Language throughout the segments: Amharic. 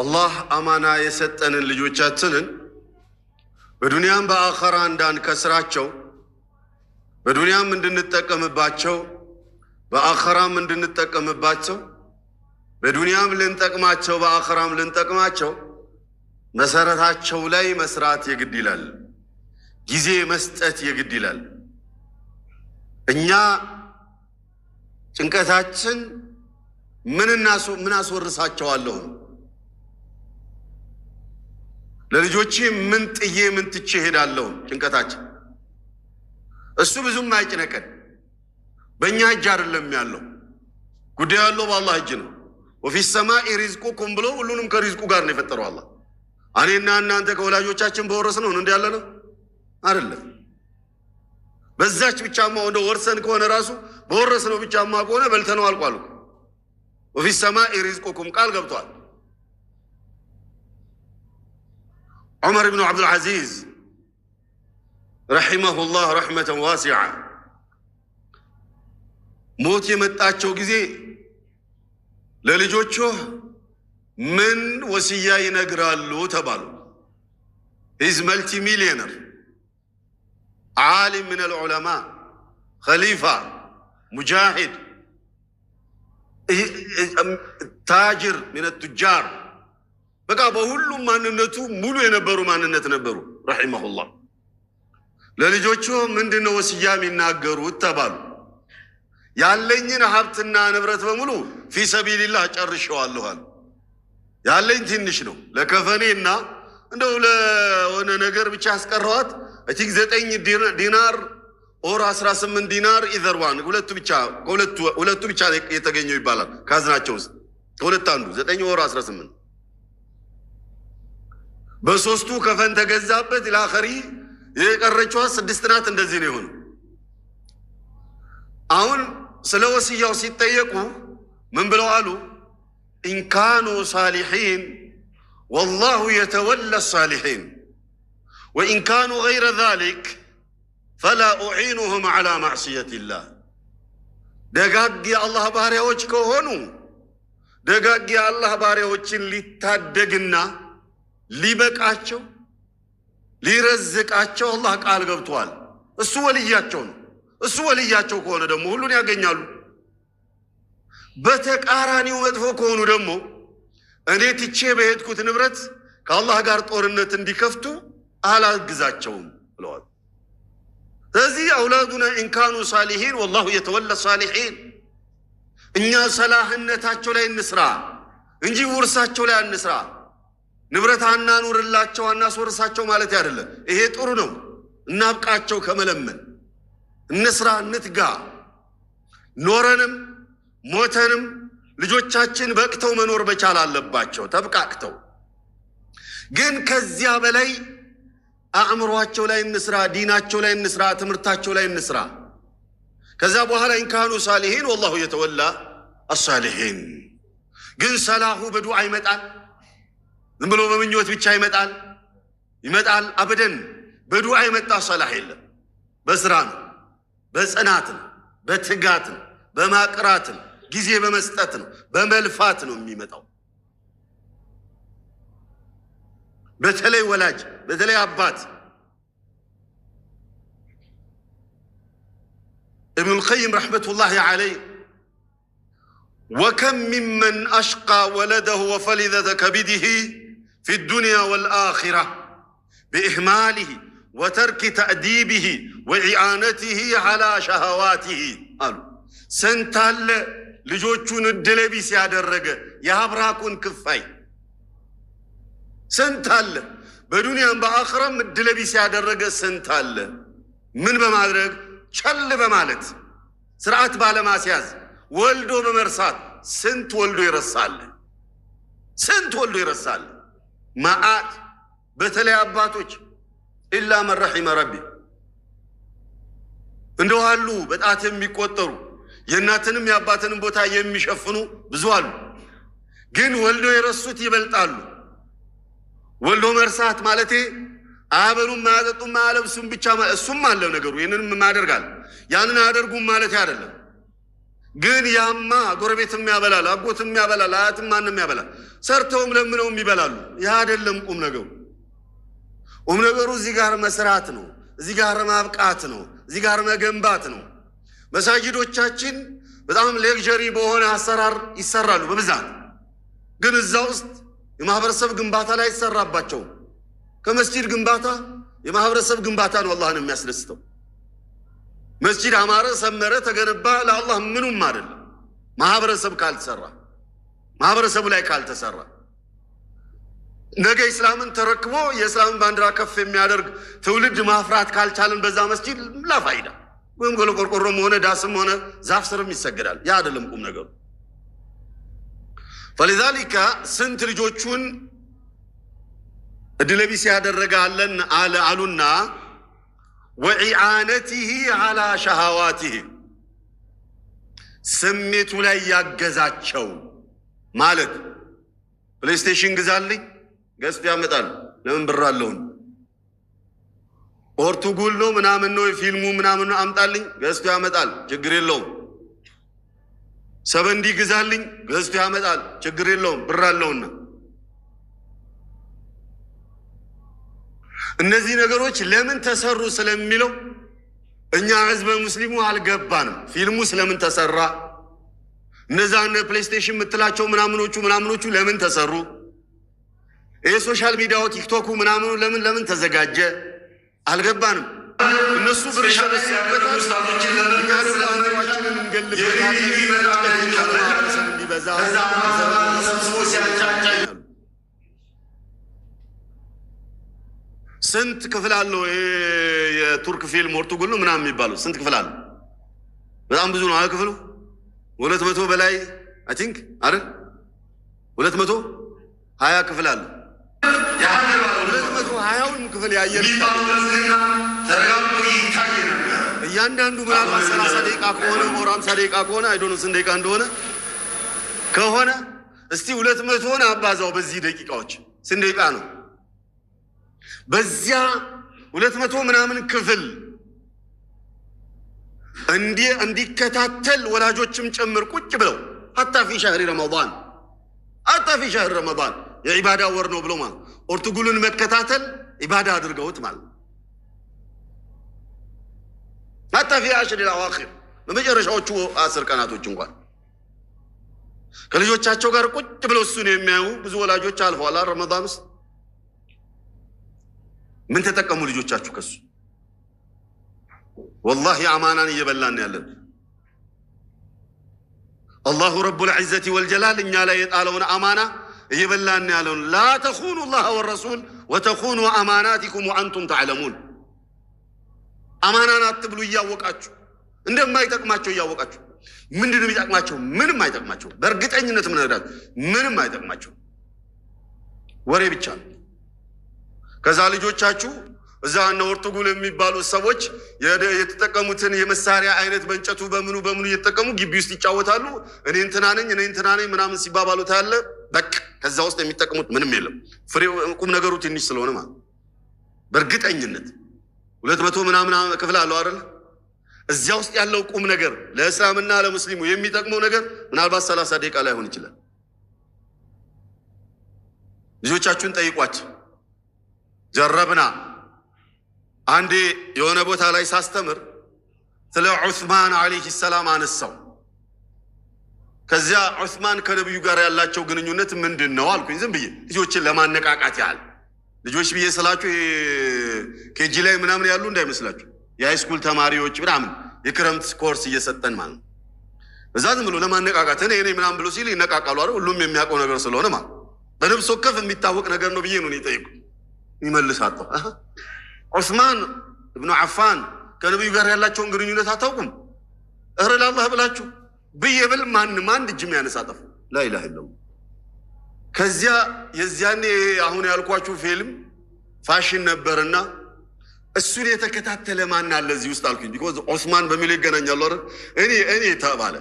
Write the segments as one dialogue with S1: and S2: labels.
S1: አላህ አማና የሰጠንን ልጆቻችንን በዱንያም በአኸራ እንዳንከስራቸው በዱንያም እንድንጠቀምባቸው በአኸራም እንድንጠቀምባቸው በዱንያም ልንጠቅማቸው በአኸራም ልንጠቅማቸው መሰረታቸው ላይ መስራት የግድ ይላል። ጊዜ መስጠት የግድ ይላል። እኛ ጭንቀታችን ምን ምን አስወርሳቸዋለሁ ነው ለልጆቼ ምን ጥዬ ምን ትቼ ሄዳለሁ? ጭንቀታችን እሱ ብዙም አይጭነቀን። በእኛ እጅ አይደለም ያለው ጉዳዩ ያለው በአላህ እጅ ነው። ወፊ ሰማኢ ሪዝቁኩም ብሎ ሁሉንም ከሪዝቁ ጋር ነው የፈጠረው አላህ። እኔና እናንተ ከወላጆቻችን በወረስ ነው እንዲ ያለ ነው አይደለም። በዛች ብቻማ ወደ ወርሰን ከሆነ ራሱ በወረስ ነው ብቻማ ከሆነ በልተነው አልቋል። ወፊ ሰማኢ ሪዝቁኩም ቃል ገብቷል። عمر بن عبد العزيز رحمه الله رحمة واسعة موت يمتاچو للي للجوچو من وسيا ينقرالو تبالو هز ملتي ميليونر عالم من العلماء خليفة مجاهد إيه، إيه، تاجر من التجار በቃ በሁሉም ማንነቱ ሙሉ የነበሩ ማንነት ነበሩ። ረሒመሁላህ ለልጆቹ ምንድን ነው ወስያ የሚናገሩት ተባሉ። ያለኝን ሀብትና ንብረት በሙሉ ፊ ሰቢልላህ ጨርሸዋለሁ አሉ። ያለኝ ትንሽ ነው። ለከፈኔ እና እንደው ለሆነ ነገር ብቻ ያስቀረዋት እቲግ ዘጠኝ ዲናር ኦር አስራ ስምንት ዲናር ኢዘርዋን ሁለቱ ብቻ ሁለቱ ብቻ የተገኘው ይባላል። ካዝናቸው ውስጥ ከሁለት አንዱ ዘጠኝ ኦር አስራ ስምንት በሶስቱ ከፈን ተገዛበት ላኸሪ የቀረችዋ ስድስት ናት። እንደዚህ ነው የሆነው። አሁን ስለ ወስያው ሲጠየቁ ምን ብለው አሉ? ኢንካኑ ሳሊሒን ወላሁ የተወላ ሳሊሒን ወኢንካኑ ገይረ ዛሊክ ፈላ ኡዒኑሁም ዓላ ማዕስየቲላህ ደጋግ የአላህ ባሪያዎች ከሆኑ ደጋግ የአላህ ባሪያዎችን ሊታደግና ሊበቃቸው ሊረዝቃቸው አላህ ቃል ገብቷል። እሱ ወልያቸው ነው። እሱ ወልያቸው ከሆነ ደግሞ ሁሉን ያገኛሉ። በተቃራኒው መጥፎ ከሆኑ ደግሞ እኔ ትቼ በሄድኩት ንብረት ከአላህ ጋር ጦርነት እንዲከፍቱ አላግዛቸውም ብለዋል። ስለዚህ አውላዱና ኢንካኑ ሳሊሒን ወላሁ የተወላ ሳሊሒን፣ እኛ ሰላህነታቸው ላይ እንስራ እንጂ ውርሳቸው ላይ አንስራ። ንብረት አናኑርላቸው አናስወርሳቸው ማለት አይደለም። ይሄ ጥሩ ነው። እናብቃቸው ከመለመን እንስራ፣ እንትጋ። ኖረንም ሞተንም ልጆቻችን በቅተው መኖር መቻል አለባቸው፣ ተብቃቅተው። ግን ከዚያ በላይ አእምሯቸው ላይ እንስራ፣ ዲናቸው ላይ እንስራ፣ ትምህርታቸው ላይ እንስራ። ከዚያ በኋላ ኢንካኑ ሳሊሒን ወላሁ የተወላ አሳሊሒን። ግን ሰላሁ በዱዓ ይመጣል ዝም ብሎ በምኞት ብቻ ይመጣል ይመጣል። አበደን በዱዓ የመጣ ሰላህ የለም። በስራ ነው፣ በጽናት ነው፣ በትጋት ነው፣ በማቅራት ነው፣ ጊዜ በመስጠት ነው፣ በመልፋት ነው የሚመጣው። በተለይ ወላጅ፣ በተለይ አባት ኢብኑልቀይም ረሕመቱላሂ ዓለይህ ወከም ሚመን አሽቃ ወለደሁ ወፈሊዘተ ከቢድህ في الدنيا والآخرة بإهماله وترك تأديبه وإعانته على شهواته قالوا سنتال لجوجون الدلبي سياد الرجع يا براكون كفاي سنتال بدوني أم بآخرة من الدلبي سياد الرجع سنتال من بمعرج شل بمالت سرعت بالا ما سياز ولدو بمرسات سنت ولدو يرسال سنت ولدو يرسال መዓት በተለይ አባቶች ኢላ መን ረቢ እንደው አሉ በጣት የሚቆጠሩ የእናትንም የአባትንም ቦታ የሚሸፍኑ ብዙ አሉ። ግን ወልዶ የረሱት ይበልጣሉ። ወልዶ መርሳት ማለቴ አበሉም አያጠጡም አያለብሱም ብቻ እሱም አለው ነገሩ። ይህንንም ማደርጋል ያንን አያደርጉም ማለት አይደለም። ግን ያማ ጎረቤትም ያበላል፣ አጎትም ያበላል፣ አያትም ማንም ያበላል። ሰርተውም ለምነውም ይበላሉ። ይህ አይደለም ቁም ነገሩ። ቁም ነገሩ እዚህ ጋር መስራት ነው። እዚህ ጋር ማብቃት ነው። እዚህ ጋር መገንባት ነው። መሳጅዶቻችን በጣም ሌክዠሪ በሆነ አሰራር ይሰራሉ በብዛት ግን እዛ ውስጥ የማህበረሰብ ግንባታ ላይ ይሰራባቸው። ከመስጂድ ግንባታ የማህበረሰብ ግንባታ ነው አላህን የሚያስደስተው። መስጂድ አማረ፣ ሰመረ፣ ተገነባ ለአላህ ምኑም አይደለም። ማህበረሰብ ካልተሰራ ማህበረሰቡ ላይ ካልተሰራ ነገ ኢስላምን ተረክቦ የእስላምን ባንዲራ ከፍ የሚያደርግ ትውልድ ማፍራት ካልቻለን በዛ መስጂድ ላፋይዳ ወይም ቆርቆሮም ሆነ ዳስም ሆነ ዛፍ ስርም ይሰግዳል። ያ አይደለም ቁም ነገሩ። ፈሊዛሊካ ስንት ልጆቹን እድለቢስ ያደረገ አለን አሉና ወኢዓነቲህ አላ ሸሃዋቲህ ስሜቱ ላይ ያገዛቸው ማለት ፕሌይስቴሽን ግዛልኝ ገዝቶ ያመጣል። ለምን ብር አለውን ፖርቱጉል ነው ምናምን ነው ፊልሙ ምናምን ነው አምጣልኝ ገዝቶ ያመጣል። ችግር የለውም። ሰበንዲ ግዛልኝ ገዝቶ ያመጣል። ችግር የለውም። ብር አለውና እነዚህ ነገሮች ለምን ተሰሩ ስለሚለው እኛ ህዝበ ሙስሊሙ አልገባንም። ፊልሙ ስለምን ተሰራ? እነዛ እነ ፕሌይስቴሽን የምትላቸው ምናምኖቹ ምናምኖቹ ለምን ተሰሩ? የሶሻል ሚዲያው ቲክቶኩ ምናምኑ ለምን ለምን ተዘጋጀ? አልገባንም። እነሱ ብርሻ እንዲበዛ ስንት ክፍል አለው? የቱርክ ፊልም ኦርቱጉል ነው ምናምን የሚባለው ስንት ክፍል አለው? በጣም ብዙ ነው። ክፍሉ ሁለት መቶ በላይ አይ ቲንክ አረ ሁለት መቶ ሀያ ክፍል አለው። ሁለት መቶ ሀያውን ክፍል ያየ እያንዳንዱ ምናልባት ሰላሳ ደቂቃ ከሆነ ወር አምሳ ደቂቃ ከሆነ ስንት ደቂቃ እንደሆነ ከሆነ እስቲ ሁለት አባዛው በዚህ ደቂቃዎች ስንት ደቂቃ ነው? በዚያ ሁለት መቶ ምናምን ክፍል እንዲከታተል ወላጆችም ጭምር ቁጭ ብለው ሀታ ፊ ሻህሪ ረመዳን ሀታ ፊ ሻህሪ ረመዳን የዒባዳ ወር ነው ብሎ ማለት ኦርቱጉልን መከታተል ዒባዳ አድርገውት ማለት ሀታ ፊ አሽሪ ልአዋኪር በመጨረሻዎቹ አስር ቀናቶች እንኳን ከልጆቻቸው ጋር ቁጭ ብለው እሱን የሚያዩ ብዙ ወላጆች አልፈዋል። ረመዳን ውስጥ ምን ተጠቀሙ ልጆቻችሁ ከሱ? ወላሂ አማናን እየበላን ያለን። አላሁ ረቡል ዒዘቲ ወልጀላል እኛ ላይ የጣለውን አማና እየበላን ያለውን። ላ ተኹኑ ላህ ወረሱል ወተኹኑ አማናቲኩም ወአንቱም ተዕለሙን። አማናን አትብሉ እያወቃችሁ እንደማይጠቅማቸው እያወቃችሁ። ምንድን ነው የሚጠቅማቸው? ምንም አይጠቅማቸው። በእርግጠኝነት ምንዳት ምንም አይጠቅማቸው፣ ወሬ ብቻ ነው። ከዛ ልጆቻችሁ እዛ እነ የሚባሉ የሚባሉት ሰዎች የተጠቀሙትን የመሳሪያ አይነት በእንጨቱ በምኑ በምኑ እየተጠቀሙ ግቢ ውስጥ ይጫወታሉ። እኔ እንትና ነኝ እኔ እንትና ነኝ ምናምን ሲባባሉ ታያለ። በቃ ከዛ ውስጥ የሚጠቀሙት ምንም የለም። ፍሬው ቁም ነገሩ ትንሽ ስለሆነ ማለት በእርግጠኝነት ሁለት መቶ ምናምን ክፍል አለው አይደል? እዚያ ውስጥ ያለው ቁም ነገር ለእስላምና ለሙስሊሙ የሚጠቅመው ነገር ምናልባት ሰላሳ ደቂቃ ላይሆን ይችላል። ልጆቻችሁን ጠይቋቸው። ጀረብና አንዴ የሆነ ቦታ ላይ ሳስተምር ስለ ዑስማን ዓለይህ ሰላም አነሳው። ከዚያ ዑስማን ከነቢዩ ጋር ያላቸው ግንኙነት ምንድን ነው አልኩኝ፣ ዝም ብዬ ልጆችን ለማነቃቃት ያህል። ልጆች ብዬ ስላችሁ ኬጂ ላይ ምናምን ያሉ እንዳይመስላችሁ፣ የሃይስኩል ተማሪዎች ምናምን የክረምት ኮርስ እየሰጠን ማለት ነው። እዛ ዝም ብሎ ለማነቃቃት እኔ እኔ ምናምን ብሎ ሲል ይነቃቃሉ። ሁሉም የሚያውቀው ነገር ስለሆነ ማለት በነብስ ወከፍ የሚታወቅ ነገር ነው ብዬ ነው እኔ ይመልሳሉ። ዑስማን እብኑ ዓፋን ከነቢዩ ጋር ያላቸውን ግንኙነት አታውቁም? እረ ላላህ ብላችሁ ብዬ ብል ማንም አንድ እጅ የሚያነሳ ጠፉ። ላኢላሃ ከዚያ የዚያኔ አሁን ያልኳችሁ ፊልም ፋሽን ነበርና እሱን የተከታተለ ማን አለ እዚህ ውስጥ አልኩኝ። ቢኮዝ ዑስማን በሚል ይገናኛሉ አይደል? እኔ እኔ ተባለ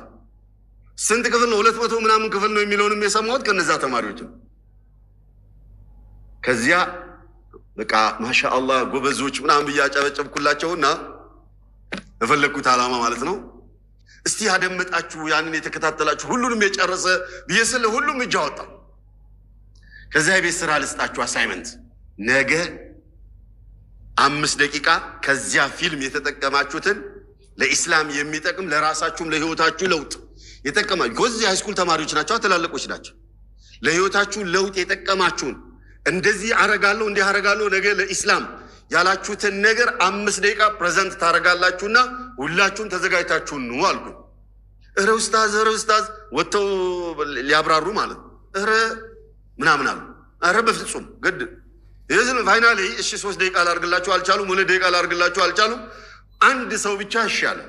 S1: ስንት ክፍል ነው? ሁለት መቶ ምናምን ክፍል ነው የሚለውንም የሰማሁት ከነዛ ተማሪዎች ነው። ከዚያ በቃ ማሻአላህ ጎበዞች ምናምን እያጨበጨብኩላቸውና የፈለግኩት ዓላማ ማለት ነው። እስቲ ያደመጣችሁ ያንን የተከታተላችሁ ሁሉንም የጨረሰ ብዬ ስለ ሁሉም እጅ አወጣ። ከዚያ የቤት ስራ ልስጣችሁ አሳይመንት ነገ አምስት ደቂቃ ከዚያ ፊልም የተጠቀማችሁትን ለኢስላም የሚጠቅም ለራሳችሁም ለህይወታችሁ ለውጥ የጠቀማችሁ ከዚህ ሃይስኩል ተማሪዎች ናቸው፣ ትላልቆች ናቸው። ለህይወታችሁ ለውጥ የጠቀማችሁን እንደዚህ አረጋለሁ እንዲህ አረጋለሁ ነገ ለኢስላም ያላችሁትን ነገር አምስት ደቂቃ ፕሬዘንት ታደርጋላችሁና ሁላችሁም ተዘጋጅታችሁ ኑ አልኩ። እረ ኡስታዝ፣ እረ ኡስታዝ ወጥተው ሊያብራሩ ማለት ነው። እረ ምናምን አሉ። እረ በፍጹም ግድ ይህዝን ፋይናል እሺ፣ ሶስት ደቂቃ ላርግላችሁ አልቻሉም። ሁለት ደቂቃ ላርግላችሁ አልቻሉም። አንድ ሰው ብቻ እሺ አለ።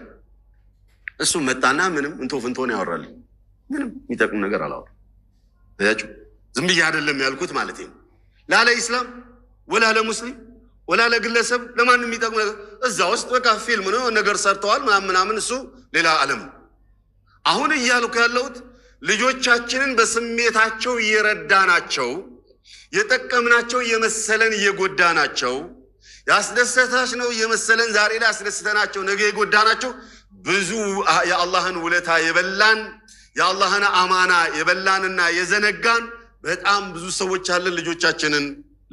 S1: እሱ መጣና ምንም እንቶ ፍንቶን ያወራል። ምንም የሚጠቅም ነገር አላወራም። ዝም ብዬ አይደለም ያልኩት ማለት ነው ላለ ኢስላም ወላ ለሙስሊም ወላ ለግለሰብ ለማንም የሚጠቅም ነገር እዛ ውስጥ በቃ ፊልም ነው ነገር ሰርተዋል ምናምን ምናምን፣ እሱ ሌላ ዓለም ነው። አሁን እያልኩ ያለሁት ልጆቻችንን በስሜታቸው እየረዳናቸው የጠቀምናቸው እየመሰለን እየጎዳናቸው ያስደሰታች ነው እየመሰለን ዛሬ ላይ ያስደስተናቸው ነገ የጎዳናቸው ብዙ የአላህን ውለታ የበላን የአላህን አማና የበላንና የዘነጋን በጣም ብዙ ሰዎች ያለን ልጆቻችንን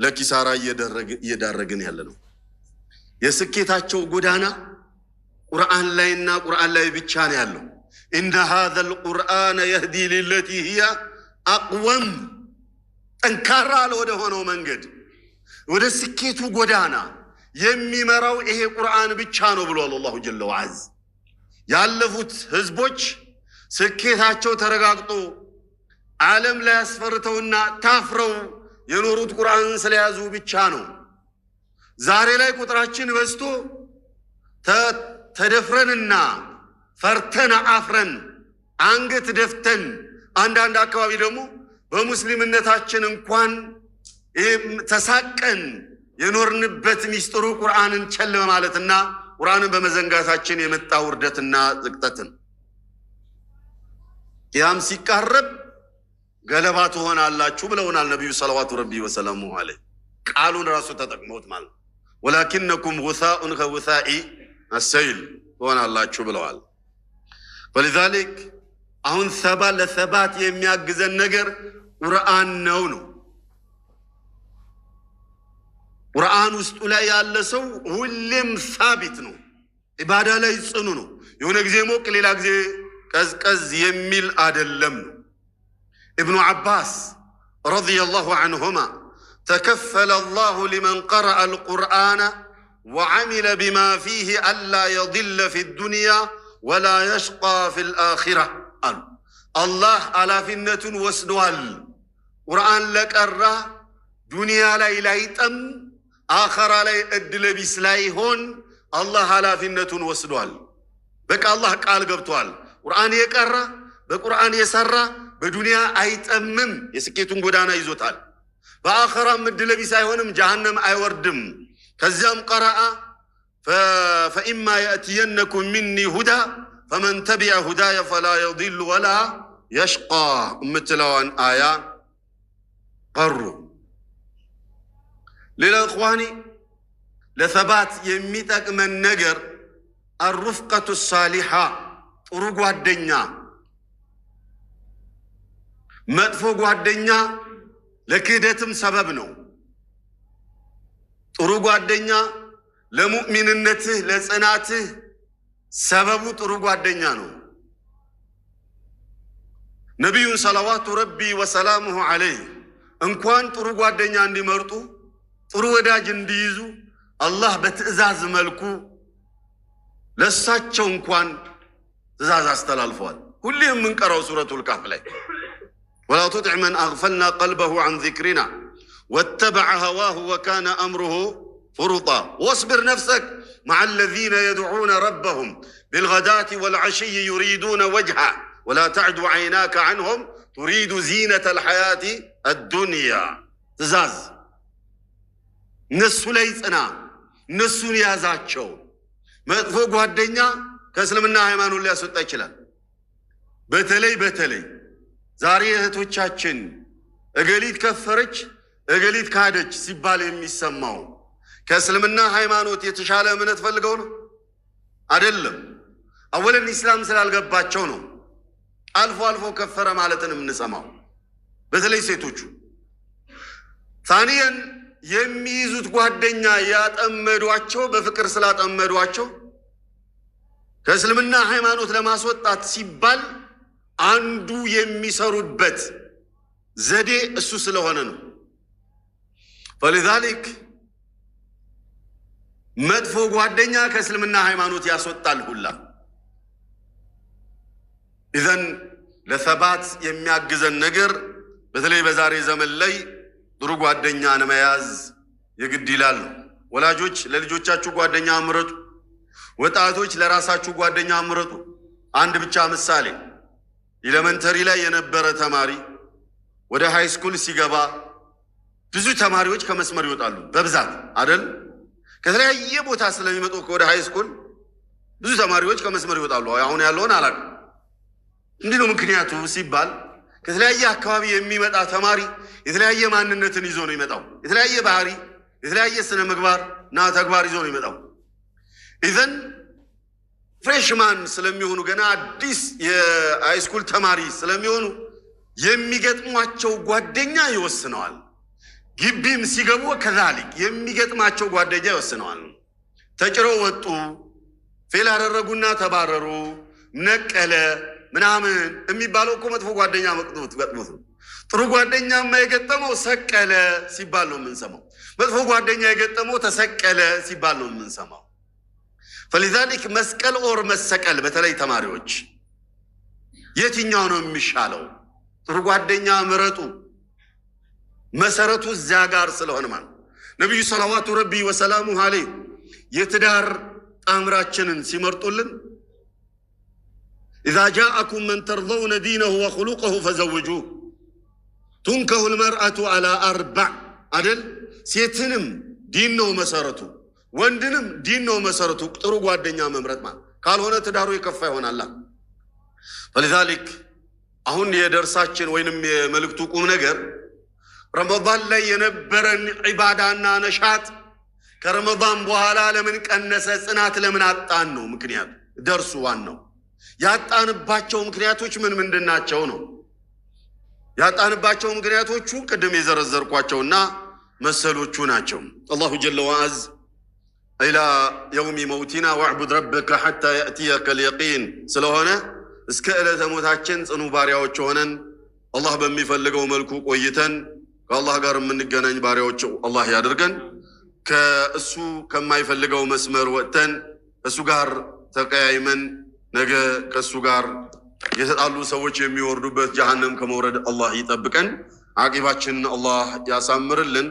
S1: ለኪሳራ እየዳረግን ያለ ነው። የስኬታቸው ጎዳና ቁርአን ላይና ቁርአን ላይ ብቻ ነው ያለው። ኢነ ሃዘል ቁርአነ የህዲ ሊለቲ ህያ አቅወም፣ ጠንካራ ለወደ ሆነው መንገድ ወደ ስኬቱ ጎዳና የሚመራው ይሄ ቁርአን ብቻ ነው ብሏል አላሁ ጀለ ወዐዝ። ያለፉት ህዝቦች ስኬታቸው ተረጋግጦ ዓለም ላይ አስፈርተውና ታፍረው የኖሩት ቁርአን ስለያዙ ብቻ ነው። ዛሬ ላይ ቁጥራችን በዝቶ ተደፍረንና ፈርተን አፍረን አንገት ደፍተን አንዳንድ አካባቢ ደግሞ በሙስሊምነታችን እንኳን ተሳቀን የኖርንበት ሚስጥሩ ቁርአንን ቸል በማለትና ቁርአንን በመዘንጋታችን የመጣ ውርደትና ዝቅጠትን ያም ሲቃረብ ገለባ ትሆናላችሁ ብለውናል ነቢዩ ሰለዋቱ ረቢ ወሰላሙ አለ። ቃሉን ራሱ ተጠቅመውት ማለት ወላኪነኩም ውሳኡን ከውሳኢ አሰይል ትሆናላችሁ ብለዋል። ወሊዛሊክ አሁን ሰባ ለሰባት የሚያግዘን ነገር ቁርአን ነው ነው ቁርአን ውስጡ ላይ ያለ ሰው ሁሌም ሳቢት ነው። ኢባዳ ላይ ጽኑ ነው። የሆነ ጊዜ ሞቅ፣ ሌላ ጊዜ ቀዝቀዝ የሚል አደለም ነው ابن عباس رضي الله عنهما تكفل الله لمن قرأ القرآن وعمل بما فيه ألا يضل في الدنيا ولا يشقى في الآخرة الله على فنة وسدوال قرآن لك أرى دنيا لا لايتم አኸራ ላይ እድለ ቢስ ላይሆን አላህ ኃላፊነቱን ወስዷል። በቃ አላህ ቃል ገብቷል። ቁርአን بك قرآن يسرّى በዱንያ አይጠምም። የስኬቱን ጎዳና ይዞታል። በአኸራም እድለቢስ አይሆንም፣ ጀሃነም አይወርድም። ከዚያም ቀረአ ፈኢማ የእትየነኩም ሚኒ ሁዳ ፈመን ተቢዐ ሁዳየ ፈላ የዲሉ ወላ የሽቃ የምትለዋን አያ ቀሩ። ሌላ እኽዋኒ ለሰባት የሚጠቅመን ነገር አሩፍቀቱ ሳሊሓ ጥሩ ጓደኛ መጥፎ ጓደኛ ለክህደትም ሰበብ ነው። ጥሩ ጓደኛ ለሙእሚንነትህ ለጽናትህ ሰበቡ ጥሩ ጓደኛ ነው። ነቢዩን ሰላዋቱ ረቢ ወሰላሙሁ ዓለይህ እንኳን ጥሩ ጓደኛ እንዲመርጡ ጥሩ ወዳጅ እንዲይዙ አላህ በትዕዛዝ መልኩ ለእሳቸው እንኳን ትዕዛዝ አስተላልፈዋል። ሁሌ የምንቀራው ሱረቱል ካፍ ላይ ولا تطع من اغفلنا قلبه عن ذكرنا واتبع هواه وكان امره فرطا واصبر نفسك مع الذين يدعون ربهم بالغداة والعشي يريدون وجهه ولا تعد عيناك عنهم تريد زينة الحياة الدنيا ትእዛዝ እነሱ ላይ ጽና፣ እነሱን ما መጥፎ الدنيا كسلمنا ሃይማኖት ሊያስወጣ ይችላል። بتلي بتلي ዛሬ እህቶቻችን እገሊት ከፈረች እገሊት ካደች ሲባል የሚሰማው ከእስልምና ሃይማኖት የተሻለ እምነት ፈልገው ነው አይደለም። አወለን ኢስላም ስላልገባቸው ነው። አልፎ አልፎ ከፈረ ማለትን የምንሰማው በተለይ ሴቶቹ። ታኒየን የሚይዙት ጓደኛ ያጠመዷቸው በፍቅር ስላጠመዷቸው ከእስልምና ሃይማኖት ለማስወጣት ሲባል አንዱ የሚሰሩበት ዘዴ እሱ ስለሆነ ነው። ፈሊዛሊክ መጥፎ ጓደኛ ከእስልምና ሃይማኖት ያስወጣል ሁላ። ኢዘን ለሰባት የሚያግዘን ነገር በተለይ በዛሬ ዘመን ላይ ጥሩ ጓደኛን መያዝ የግድ ይላል ነው። ወላጆች ለልጆቻችሁ ጓደኛ ምረጡ። ወጣቶች ለራሳችሁ ጓደኛ ምረጡ። አንድ ብቻ ምሳሌ ኢለመንተሪ ላይ የነበረ ተማሪ ወደ ሃይ ስኩል ሲገባ ብዙ ተማሪዎች ከመስመር ይወጣሉ። በብዛት አደል ከተለያየ ቦታ ስለሚመጡ ወደ ሃይ ስኩል ብዙ ተማሪዎች ከመስመር ይወጣሉ። አሁን ያለውን አላቅ። እንዲህ ነው ምክንያቱ ሲባል ከተለያየ አካባቢ የሚመጣ ተማሪ የተለያየ ማንነትን ይዞ ነው ይመጣው። የተለያየ ባህሪ፣ የተለያየ ስነ ምግባርና ተግባር ይዞ ነው ይመጣው ኢዘን ፍሬሽማን ስለሚሆኑ ገና አዲስ የሃይስኩል ተማሪ ስለሚሆኑ የሚገጥሟቸው ጓደኛ ይወስነዋል። ግቢም ሲገቡ ከዛሊቅ የሚገጥማቸው ጓደኛ ይወስነዋል። ተጭረው ወጡ፣ ፌል አደረጉና ተባረሩ፣ ነቀለ ምናምን የሚባለው እኮ መጥፎ ጓደኛ መቅጥት ጥሩ ጓደኛ የገጠመው ሰቀለ ሲባል ነው የምንሰማው። መጥፎ ጓደኛ የገጠመው ተሰቀለ ሲባል ነው የምንሰማው። ፈሊዛሊክ መስቀል ኦር መሰቀል በተለይ ተማሪዎች የትኛው ነው የሚሻለው? ጥሩ ጓደኛ ምረጡ። መሰረቱ እዚያ ጋር ስለሆነ ማለት ነቢዩ ሰላዋቱ ረቢ ወሰላሙ አለይህ የትዳር ጣምራችንን ሲመርጡልን ኢዛ ጃአኩም መን ተርዘውነ ዲነሁ ወኹሉቀሁ ፈዘውጁ ቱንከሁ ልመርአቱ አላ አርባዕ አደል ሴትንም ዲን ነው መሰረቱ ወንድንም ዲን ነው መሰረቱ። ጥሩ ጓደኛ መምረጥ ማለት ካልሆነ ትዳሩ የከፋ ይሆናላ። ፈሊዛሊክ አሁን የደርሳችን ወይንም የመልእክቱ ቁም ነገር ረመዳን ላይ የነበረን ዒባዳና ነሻት ከረመዳን በኋላ ለምን ቀነሰ፣ ጽናት ለምን አጣን ነው ምክንያት ደርሱ ዋናው ያጣንባቸው ምክንያቶች ምን ምንድን ናቸው ነው ያጣንባቸው ምክንያቶቹ ቅድም የዘረዘርኳቸውና መሰሎቹ ናቸው። አላሁ ጀለ ወዐዝ ኢላ የውሚ መውቲና ዋዕቡድ ረበከ ሐታ የእትየከ ልየቂን ስለሆነ እስከ ዕለተ ሞታችን ጽኑ ባሪያዎች ሆነን አላህ በሚፈልገው መልኩ ቆይተን ከአላህ ጋር የምንገናኝ ባሪያዎች አላህ ያደርገን። ከእሱ ከማይፈልገው መስመር ወጥተን ከእሱ ጋር ተቀያይመን ነገ ከእሱ ጋር የተጣሉ ሰዎች የሚወርዱበት ጀሃነም ከመውረድ አላህ ይጠብቀን። አቂባችንን አላህ ያሳምርልን።